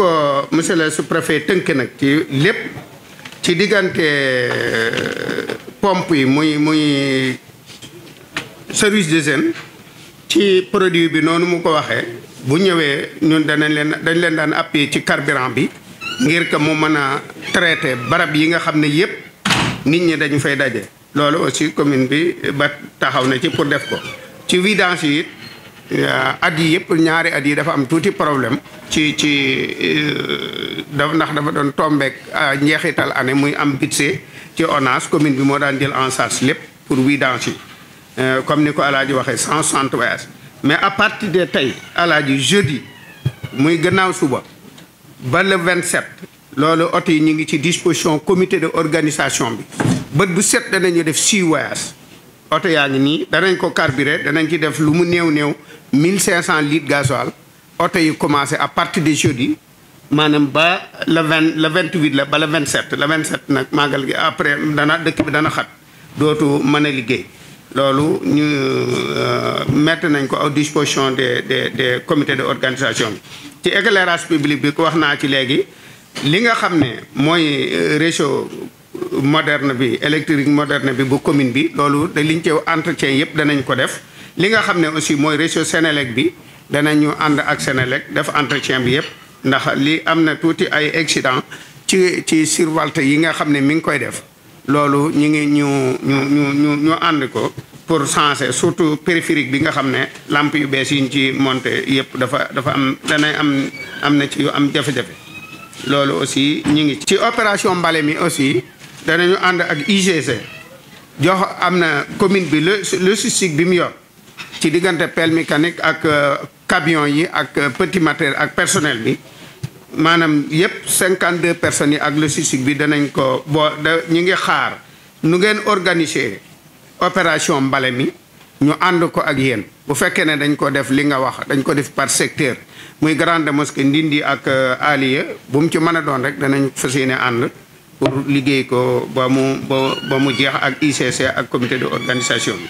ko monsieur le sous-préfet tënk nag ci lépp ci diggante euh, pompe yi muy muy service d'hygiène ci produit bi noonu mu ko waxee bu ñëwee ñun danañ leen dañ leen daan appuyer ci carburant bi ngir que mu mën a traiter barab yi nga xam ne yépp nit ñi dañu fay daje loolu aussi commune bi ba taxaw na ci pour def ko ci vidange yi Euh, at yi yëpp ñaari at yi dafa am tuuti problème ci ci euh, da ndax dafa doon tombeek euh, njeexital année muy am budget ci ONAS commune bi moo daan jël en charge lépp pour vidange yi comme ni ko alaaji waxee cent soixante voyages mais à partir de tey alaaji jeudi muy gannaaw suba ba le vingt sept loolu oto yi ñu ngi ci disposition commité de organisation bi bët bu set danañu def six voyages oto yaa ngi nii danañ ko carburé danañ ci def lu mu néew néew 1500 litres gasoil oto yi commencé à partir de jeudi maanaam ba le 20 le 28 la ba le 27 le 27 nag màggal gi après dana dëkk bi dana xat dootu mën a liggéey loolu ñu euh, mettre nañ ko à disposition des des des comités de organisation bi. ci éclairage public bi ko wax naa ci léegi li nga xam ne mooy euh, réseau. moderne bi électrique moderne bi bu commune bi loolu da liñ ci entretien yëpp danañ ko def li nga xam ne aussi mooy réseau Sénélec bi danañu ànd ak Sénélec def entretien bi yëpp ndax li am na tuuti ay accident ci ci survolte yi nga xam ne mi ngi koy def loolu ñu ngi ñu ñu ñu ñu ñu ànd ko pour changer surtout périphérique bi nga xam ne lamp yu bees yi ñu ci monté yëpp dafa dafa am danay am am na ci yu am jafe-jafe loolu aussi ñu ngi ci opération mbale mi aussi danañu ànd ak UGC jox am na commune bi le logistique bi mu yor ci diggante pelle mécanique ak euh, camion yi ak euh, petit ak personnel bi maanaam yëpp 52 personnes yi ak logistique bi danañ ko boo da ñu ngi xaar nu ngeen organiser opération mbale mi ñu ànd ko ak yéen bu fekkee ne dañ ko def li nga wax dañ ko def par secteur muy grande mosquée Ndindi ak euh, Aliya bu mu ci mën a doon rek danañ fas ànd pour liggéey ko ba mu ba ba mu jeex ak ICC ak comité de organisation bi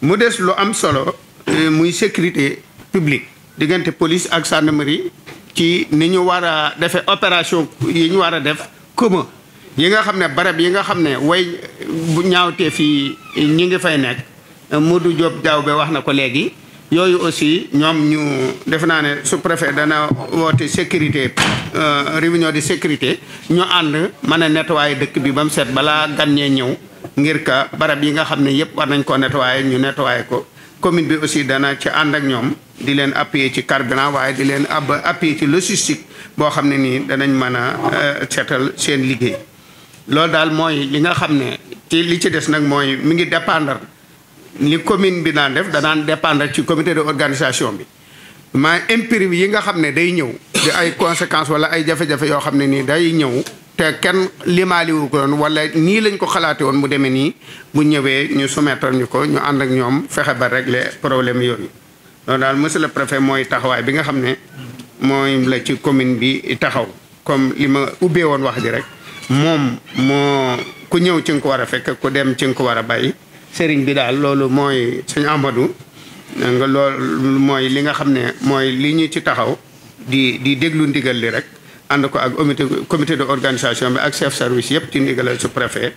mu des lu am solo euh, muy sécurité publique diggante police ak gendarmerie ci ni ñu war a defee opération yi ñu war a def commun yi nga xam ne barab yi nga xam ne way bu ñaawtee fii ñi ngi fay nekk Modou Diop Diaw ba wax na ko léegi yooyu aussi ñoom ñu def naa ne sous préfet dana woote sécurité euh, réunion de sécurité ñu ànd mën a dëkk bi ba mu set balaa gan ñee ñëw ngir ka barab yi nga xam ne yëpp war nañ ko nettoyer ñu nettoyer ko commune bi aussi dana ci ànd ak ñoom di leen appuyer ci carburant waaye di leen ab appuyer ci logistique boo xam ne nii danañ mën a euh, seetal seen liggéey loolu daal mooy li nga xam ne ci li ci des nag mooy mi ngi dépendre ni commune bi naan def danaan dépendre ci comité de organisation bi mais bi yi nga xam ne day ñëw di ay conséquences wala ay jafe-jafe yoo xam ne nii day ñëw te kenn limaaliwu ko woon wala nii lañ ko xalaate woon mu demee nii bu ñëwee ñu soumettre ñu ko ñu ànd ak ñoom fexe ba régler problème yoon yooyu loolu daal monsieur le préfet mooy taxawaay bi nga xam ne mooy la ci commune bi taxaw comme li ma ubbee woon wax ji rek moom moo ku ñëw ci nga ko war a fekk ku dem ci nga ko war a bàyyi sëriñ bi daal loolu mooy sëñ Amadou nga loolu mooy li nga xam ne mooy li ñu ci taxaw di di déglu ndigal li rek ànd ko ak comité comité de organisation bi ak chef service yëpp ci ndigalal su préfet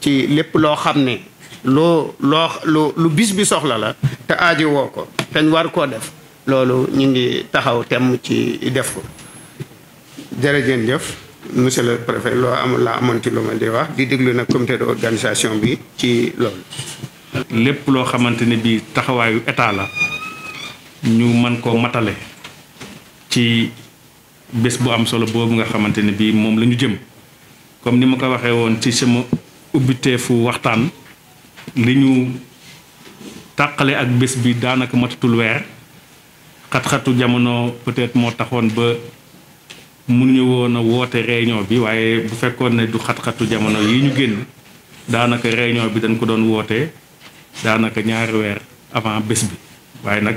ci lépp loo xam ne loo loo lu bis bi soxla la te aaji woo ko teñ war koo def loolu ñu ngi taxaw tem ci def ko jërëjëf jëf monsieur loo am laa amoon ci lu ma di wax di déglu na comité de organisation bi ci loolu. lépp loo xamante ne bii taxawaayu état la ñu mën koo matale ci bés bu am solo boobu nga xamante ne bii moom lañu jëm comme ni ma ko waxee woon ci sama ubbiteefu waxtaan li ñu taqale ak bés bi daanaka matatul weer xat-xatu jamono peut-être moo taxoon ba. mënuñu woon a woote réunion bi waaye bu fekkoon ne du xat-xatu jamono yi ñu génn daanaka réunion bi dañ ko doon woote daanaka ñaari weer avant bés bi waaye nag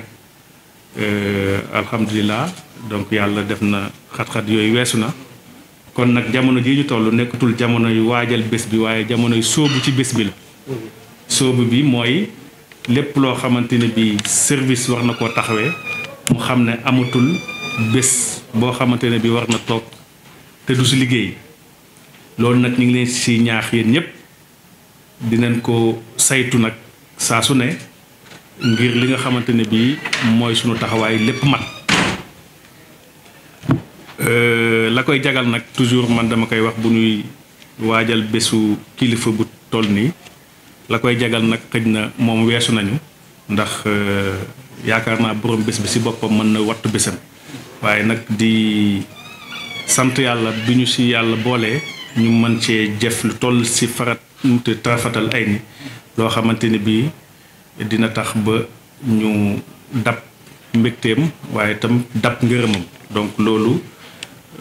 euh, alhamdulilah donc yàlla def na xat-xat yooyu weesu na kon nag jamono jii ñu toll nekkatul jamono yu waajal bés bi waaye jamono yu sóobu ci bés bi la sóobu bi mooy lépp loo xamante ne bi service war na koo taxawee mu xam ne amatul bés boo xamante ne bi war na toog te du si liggéey loolu nag ñu ngi leen si ñaax yéen ñëpp dinañ ko saytu nag saa su ne ngir li nga xamante ne bi mooy sunu taxawaay lépp mat euh, la koy jagal nag toujours man dama koy wax bu ñuy waajal bésu kilifa bu toll nii la koy jagal nag xëj na moom weesu nañu ndax euh, yaakaar naa borom bés bi si boppam mën na wattu bésam waaye nag di sant yàlla bi ñu si yàlla boolee ñu mën cee jëf lu toll si farat te tarafatal ay ni loo xamante ni bii dina tax ba ñu dab mbégteem waaye itam dab ngërëmam donc loolu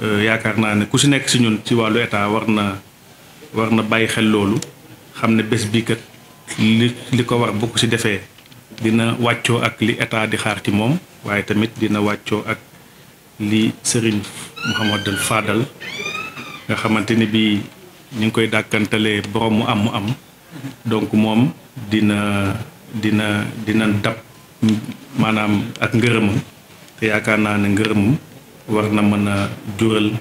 euh, yaakaar naa ne ku si nekk si ñun ci wàllu état war na war na bàyyi xel loolu xam ne bés bii kat li li ko war bu ko si defee dina wàccoo ak li état di xaar ci moom waaye tamit dina wàccoo ak li Serigne Mouhamadul Fadal nga xamante ni bii ñu ngi koy dàkkantalee borom mu am mu am donc moom dina dina dina dab maanaam ak ngërëmam te yaakaar naa ne ngërëmam war na mën a jural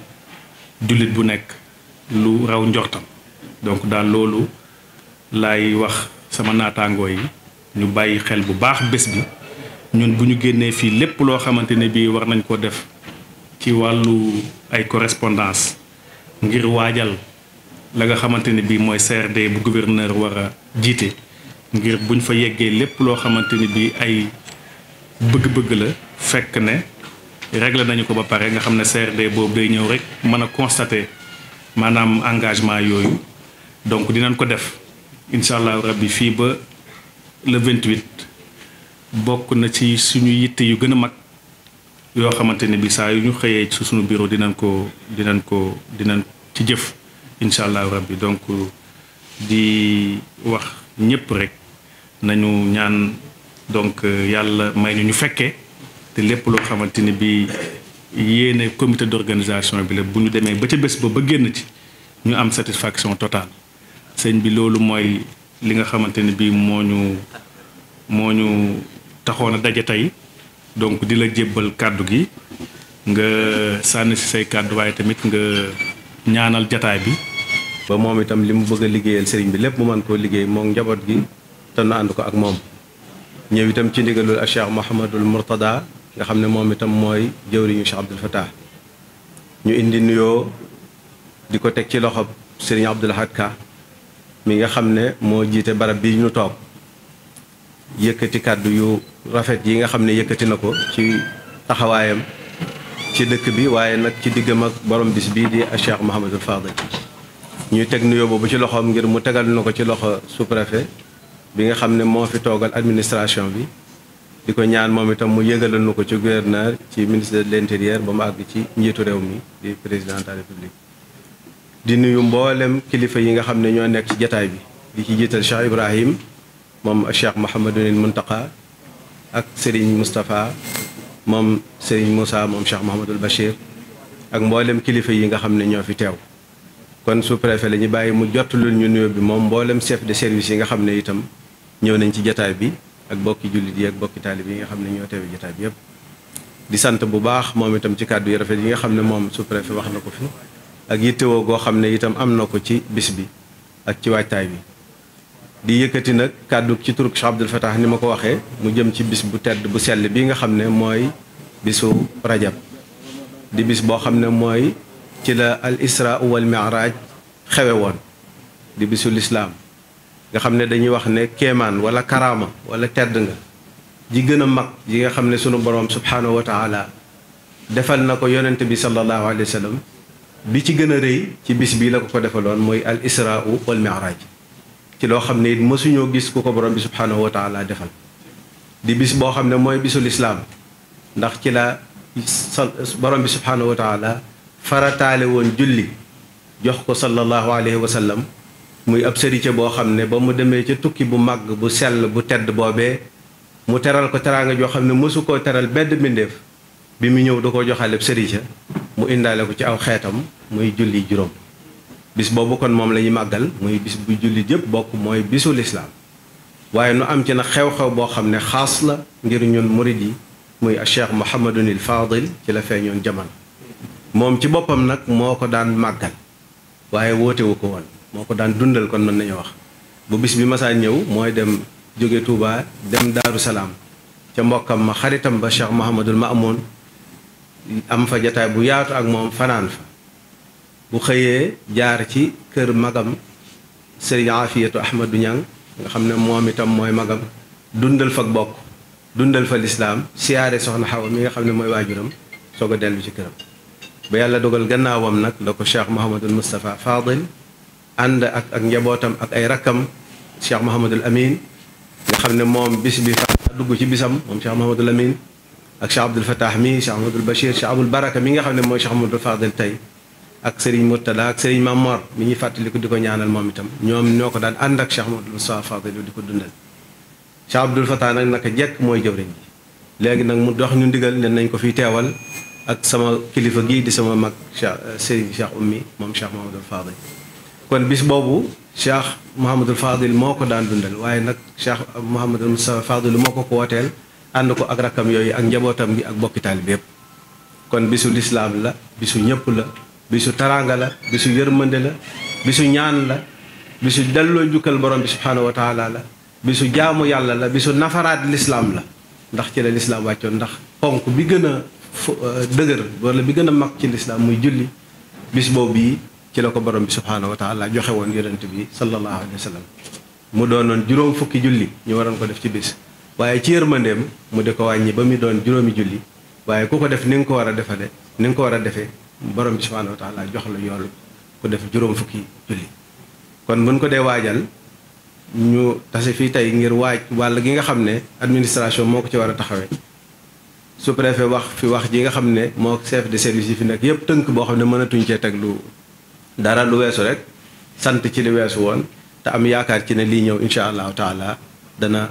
jullit bu nekk lu raw njortam donc daal loolu lay wax sama naataangoo yi ñu bàyyi xel bu baax bés bi ñun bu ñu génnee fii lépp loo xamante ne bii war nañ koo def ci wàllu ay correspondance ngir waajal la nga xamante ne bii mooy CRD bu gouverneur war a jiite ngir buñ fa yeggee lépp loo xamante ni bii ay bëgg-bëgg la fekk ne réglé nañu ko ba pare nga xam ne CRD boobu day ñëw rek mën a constater maanaam engagement yooyu donc dinañ ko def incha rab yi fii ba le 28 bokk na ci suñu yitte yu gën mag. yoo xamante ne bi saa yu ñu xëyee su sunu bureau dinañ ko dinañ ko dinañ ci jëf incha allah rabbi donc di wax ñëpp rek nañu ñaan donc yàlla may ñu ñu fekkee te lépp loo xamante ni bi yéene comité d'organisation bi la bu ñu demee ba ca bés ba ba génn ci ñu am satisfaction totale sëñ bi loolu mooy li nga xamante ni bi moo ñu moo ñu taxoon a daje tey donc di la jébbal kàddu gi nga sànni si say kàddu waaye tamit nga ñaanal jataay bi. ba moom itam li mu bëgg liggéeyal sëriñ bi lépp mu man koo liggéey moom njaboot gi te na ànd ko ak moom. ñëw itam ci ndigalul ak Cheikh Mouhamadul nga xam ne moom itam mooy jëwriñu Cheikh Abdoul Fattah ñu indi nuyoo di ko teg ci loxo sëriñ Abdoul Hadka mi nga xam ne moo jiite barab bii ñu toog. yëkkati kàddu yu rafet yi nga xam ne yëkkati na ko ci taxawaayam ci dëkk bi waaye nag ci diggam ak borom bis bii di Cheikh Mouhamadul Fadil ñuy teg nuyoo boobu ci loxoom ngir mu tegal na ko ci loxo sous bi nga xam ne moo fi toogal administration bi di ko ñaan moom itam mu yëgalal na ko ci gouverneur ci ministre de l'intérieur ba mu àgg ci njiitu réew mi di président de la république di nuyu mboolem kilifa yi nga xam ne ñoo nekk ci jataay bi di ci jiital Cheikh Ibrahim moom Cheikh Mouhamadunil Muntaqa ak Serigne Moustapha moom Serigne Moussa moom Cheikh Mouhamadul Bachir ak mboolem kilifa yi nga xam ne ñoo fi teew kon sous-préfet la ñu bàyyi mu jottulul ñu nuyoo bi moom mboolem chef de service yi nga xam ne itam ñëw nañ ci jataay bi ak bokki jullit yi ak bokki taalib yi nga xam ne ñoo teewe jataay bi yëpp di sant bu baax moom itam ci kàddu yu rafet yi nga xam ne moom sous-préfet wax na ko fi ak yittewoo goo xam ne itam am na ko ci bis bi ak ci waajtaay bi di yëkkati nag kàddu ci turuk Cheikh Abdoul Fatah ni ma ko waxee mu jëm ci bis bu tedd bu sell bi nga xam ne mooy bisu rajab di bis boo xam ne mooy ci la al isra wal miraaj xewe woon di bisu lislaam nga xam ne dañuy wax ne kemaan wala karaama wala tedd nga ji gën a mag yi nga xam ne sunu borom subhaanahu wa taala defal na ko yonent bi sallallahu alayhi wa sallam bi ci gën a rëy ci bis bii la ko ko defaloon mooy al isra wal miraaj ci loo xam ne it mësuñoo gis ku ko borom bi subhaanahu wa defal di bis boo xam ne mooy bisu lislaam ndax ci la borom bi subhaanahu wa farataale woon julli jox ko sallallahu alayhi wa sallam muy ab sërice boo xam ne ba mu demee ca tukki bu màgg bu sell bu tedd boobee mu teral ko teraanga joo xam ne mësu koo teral bedd mbindéef bi mu ñëw du ko joxale ab sërice mu indaale ko ci aw xeetam muy julli juróom bis boobu kon moom la ñuy màggal muy bis bu jullit yëpp bokk mooy bisu lislaam waaye nu am ci na xew-xew boo xam ne xaas la ngir ñun murit yi muy Cheikh Mouhamadunil Fadil ci la feeñoon jamono moom ci boppam nag moo ko daan màggal waaye wootewu ko woon moo ko daan dundal kon mën nañu wax bu bis bi ma saa ñëw mooy dem jóge tuuba dem Daaru Salaam ca mbokkam ma xaritam ba Cheikh Mouhamadul Maamoun am fa jataay bu yaatu ak moom fanaan fa bu xëyee jaar ci kër magam sëriñ Afiyatu Ahmadu Ñang nga xam ne moom itam mooy magam dundal fa bokk dundal fa lislaam siyaare soxna Xawa mi nga xam ne mooy waajuram soog a dellu ci këram ba yàlla dogal gannaawam nag la ko cheikh Mouhamadul Moustapha Fadil ànd ak ak njabootam ak ay rakkam cheikh Mouhamadul Amin nga xam ne moom bis bi fa dugg ci bisam moom cheikh Mouhamadul Amin ak cheikh Abdoul Fatah mi cheikh Mouhamadul Bachir cheikh Abul mi nga xam ne mooy cheikh Mouhamadul tey ak Serigne Mourtada ak Serigne Mamor mi ñuy fàttaliku di ko ñaanal moom itam ñoom ñoo ko daan ànd ak Cheikh Mouhamadou Moustapha Fadilou di ko dundal Cheikh Abdoul Fatah nag naka jekk mooy jëwriñ ji léegi nag mu dox ñu ndigal ne nañ ko fiy teewal ak sama kilifa gii di sama mag Cheikh euh, Serigne Cheikh Oumy moom Cheikh Mouhamadou Fadil kon bis boobu Cheikh Mouhamadou Fadil moo ko daan dundal waaye nag Cheikh Mouhamadou Moustapha Fadil moo ko ko wooteel ànd ko ak rakkam yooyu ak njabootam gi ak bokki taalibe yépp kon bisu lislaam la bisu ñëpp la bisu taraanga la bisu yërmande la bisu ñaan la bisu delloo jukkal borom bi subhaanahu wa la bisu jaamu yàlla la bisu nafaraat lislaam la ndax ci la lislaam wàccoon ndax ponk bi gën a euh, dëgër wala bi gën a mag ci lislaam muy julli bis boobu yi ci la ko borom bi subhaanahu wa taala joxe woon yërant bi sallallahu alayhi wa mu doon doonoon juróom fukki julli ñu waroon ko def ci bis waaye ci yërmandeem mu di ko wàññi ba muy doon juróomi julli waaye ku ko def ni nga ko war a defale ni nga ko war a defee borom bi subhaanahu wa taala jox la yoolu ku def juróom fukki julli kon buñ ko dee waajal ñu tase fii tey ngir waaj wàll gi nga xam ne administration moo ko ci war a taxawee su préfet wax fi wax ji nga xam ne moo chef de service yi fi nekk yëpp tënk boo xam ne mënatuñ cee teg lu dara lu weesu rek sant ci li weesu woon te am yaakaar ci ne lii ñëw incha allahu taala dana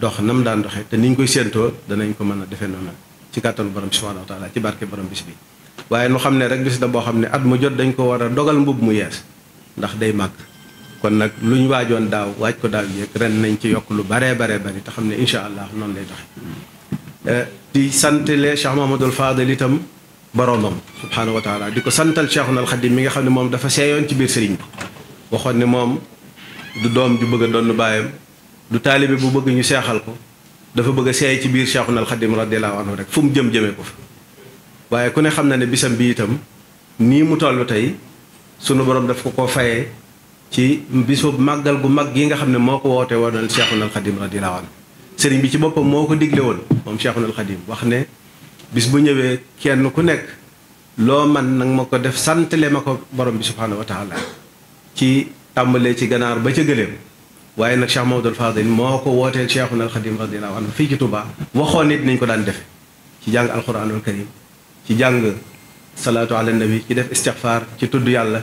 dox nam daan doxee te niñ koy séentoo danañ ko mën a defee noonu ci kàttanu borom bi subhanahu wa ci barke borom bis bi waaye nu xam ne rek bis la boo xam ne at mu jot dañ ko war a dogal mbubb mu yees ndax day màgg kon nag lu ñu waajoon daaw waaj ko daaw yéeg ren nañ ci yokk lu baree baree bari te xam ne incha allah noon lay taxe eh, di santale Cheikh Mahamadul Fadal itam boroomam subhaanahu wa taala di ko santal Cheikhul Xadim mi nga xam ne moom dafa seeyoon ci biir sëriñ bi waxoon ne moom du doom ju bëgg a donn baayam du taalibe bu bëgg ñu seexal ko dafa bëgg a seey ci biir Cheikhul Xadim radiyallahu anhu rek fu mu jëm jëmee ko fa waaye ku ne xam na ne bisam bi itam nii mu toll tey sunu borom daf ko ko fayee ci bisu màggal gu mag gi nga xam ne moo ko woote woonal Cheikhul Khadim radiyallahu anhu sëriñ bi ci boppam moo ko digle woon moom Cheikhul Khadim wax ne bis bu ñëwee kenn ku nekk loo man nag ma ko def santale ma ko borom bi subhaanahu wa ci tàmbalee ci ganaar ba ca gëléem waaye nag Cheikh Mamadou Fadil moo ko wootee na Khadim radiyallahu anhu fii ci Touba waxoon nit nañ ko daan defe ci jàng alquranul ci jàng salaatu ala nabi ci def istixfaar ci tudd yàlla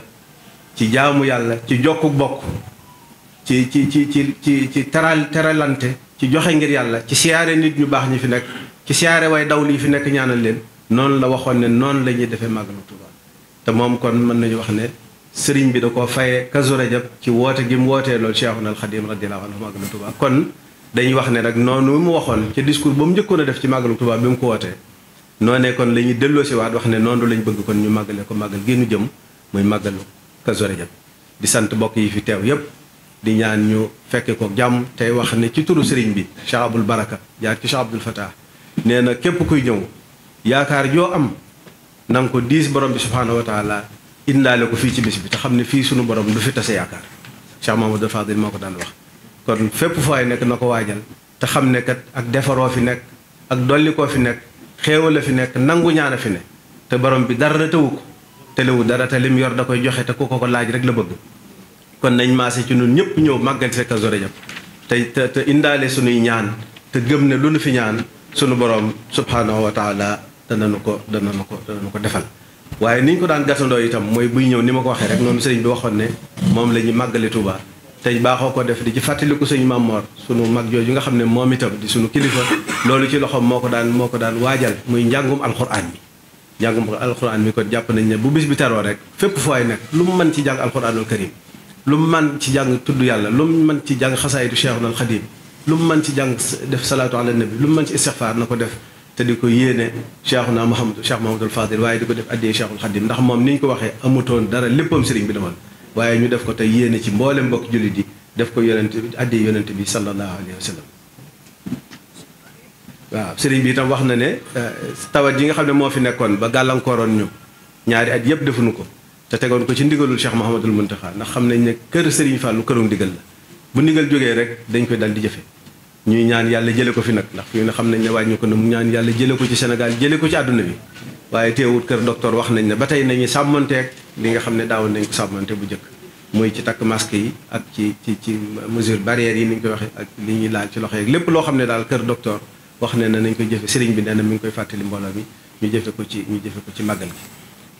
ci jaamu yàlla ci jokku bokk ci ci ci ci ci ci teral teralante ci joxe ngir yàlla ci siyaare nit ñu baax ñi fi nekk ci siyaare way daw lii fi nekk ñaanal leen noonu la waxoon ne noonu la ñuy defee màggalu Tuuba te moom kon mën nañu wax ne sëriñ bi da koo fayee Kazu Rajab ci woote gi mu wootee loolu Cheikhuna al Xadim radiyallahu anhu màggalu Tuuba kon dañuy wax ne rek noonu mu waxoon ca discours ba mu def ci màggalu Tuuba mu ko noonee kon la ñuy delloo si waat wax ne noonu lañ bëgg kon ñu màggale ko màggal gi ñu jëm muy màggalu Kazu Rajab di sant mbokk yi fi teew yépp di ñaan ñu fekke ko jàmm tey wax ne ci turu sëriñ bi Cheikh Abdoul Baraka jaar ci Cheikh Abdoul Fatah nee na képp kuy ñëw yaakaar yoo am na nga ko diis borom bi subhaanahu wa taala indaale ko fii ci bis bi te xam ne fii sunu borom du fi tase yaakaar Cheikh Mamadou Fadil moo ko daan wax kon fépp fooy nekk na ko waajal te xam ne ak defaroo fi nekk ak dolli fi nekk xéewal la fi nekk nangu ñaan a fi ne te borom bi dara tëwu ko tëlewu dara te lim yor da koy joxe te ku ko ko laaj rek la bëgg kon nañ maase ci ñun ñëpp ñëw màggal si Kazu Rajab te te indaale sunuy ñaan te gëm ne lu nu fi ñaan sunu borom subhanahu wa dana danañu ko danañu ko danañu ko defal. waaye niñ ko daan gasandoo itam mooy buy ñëw ni ma ko waxee rek noonu sëriñ bi waxoon ne moom la ñuy màggale Tuubaa tey baaxoo ko def di ci fàttaliku sëñ Mamor sunu mag jooju nga xam ne moom itam di sunu kilifa loolu ci loxoom moo ko daan moo ko daan waajal muy njàngum alxuraan bi njàngum alxuraan bi kon jàpp nañ ne bu bis bi taroo rek fépp fu waay lu mu mën ci jàng alxuraanul karim lu mu mën ci jàng tudd yàlla lu mu mën ci jàng xasaayitu Cheikhul Xadim lu mu mën ci jàng def salaatu ala nabi lu mu mën ci istixfaar na ko def te di ko yéene Cheikhuna Mouhamadou Cheikh Mouhamadoul Fadil waaye di ko def addiyee Cheikhul Xadim ndax moom ni ñu ko waxee amutoon dara léppam sëriñ bi demoon waaye ñu def ko tey yéene ci mboolem mbokk jullit yi def ko yonente bi addi yonente bi sallallahu alayhi wa sallam waaw sëriñ bi itam wax na ne euh, tawat yi nga xam ne moo fi nekkoon ba gàllankooroon ñu ñaari at yëpp defuñu ko te tegoon ko ci ndigalul Cheikh Mouhamadul Mountakha ndax xam nañ ne kër sëriñ Fallou këru ndigal la bu ndigal jógee rek dañ koy dal di jëfe ñuy ñaan yàlla jële ko fi nag ndax fi ne xam nañ ne wàññi ko na mu ñaan yàlla jële ko ci Sénégal jële ko ci àdduna bi waaye kër docteur wax nañ ne ba tey nañu sàmmonteeg li nga xam ne daawoon nañ ko sàmmante bu njëkk mooy ci takk masque yi ak ci ci ci mesure barrière yi ni ñu koy waxee ak li ñuy laal ci loxo yeeg lépp loo xam ne daal kër docteur wax ne na nañ koy jëfe sëriñ bi nee mu ngi koy fàttali mbooloo mi ñu jëfe ko ci ñu jëfe ko ci màggal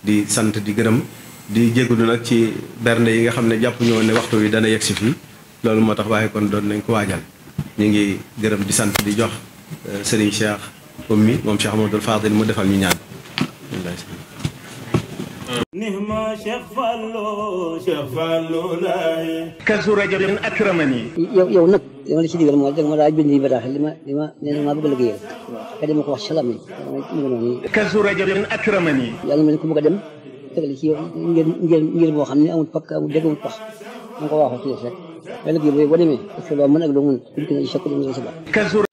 di sant di gërëm di jégalu nag ci bernde yi nga xam ne jàpp ñoo ne waxtu wi dana yegg si fii loolu moo tax waaye kon doon nañ ko waajal ñu ngi gërëm di sant di jox euh, sëriñ Cheikh Oumy moom Cheikh Amadou Fadil mu defal ñu ñaan نهما شيخ فالو شيخ فالو لاي كسو رجب اكرمني يو نك yow li ci digal mooy danga ma daa bind bataaxal li ma li ma nee na maa bëgg a liggéeyal ka dem ko wax salam ni nga noonu kazu rajabin akramani yàlla mel ku bëgg a dem tegal ci yow ngeen ngeen ngeen boo xam ne amul pakk amul dégg amul pax ma ko waxoo ci rek ba liggéey boobu boo demee parce que loo mën ak loo mën kazu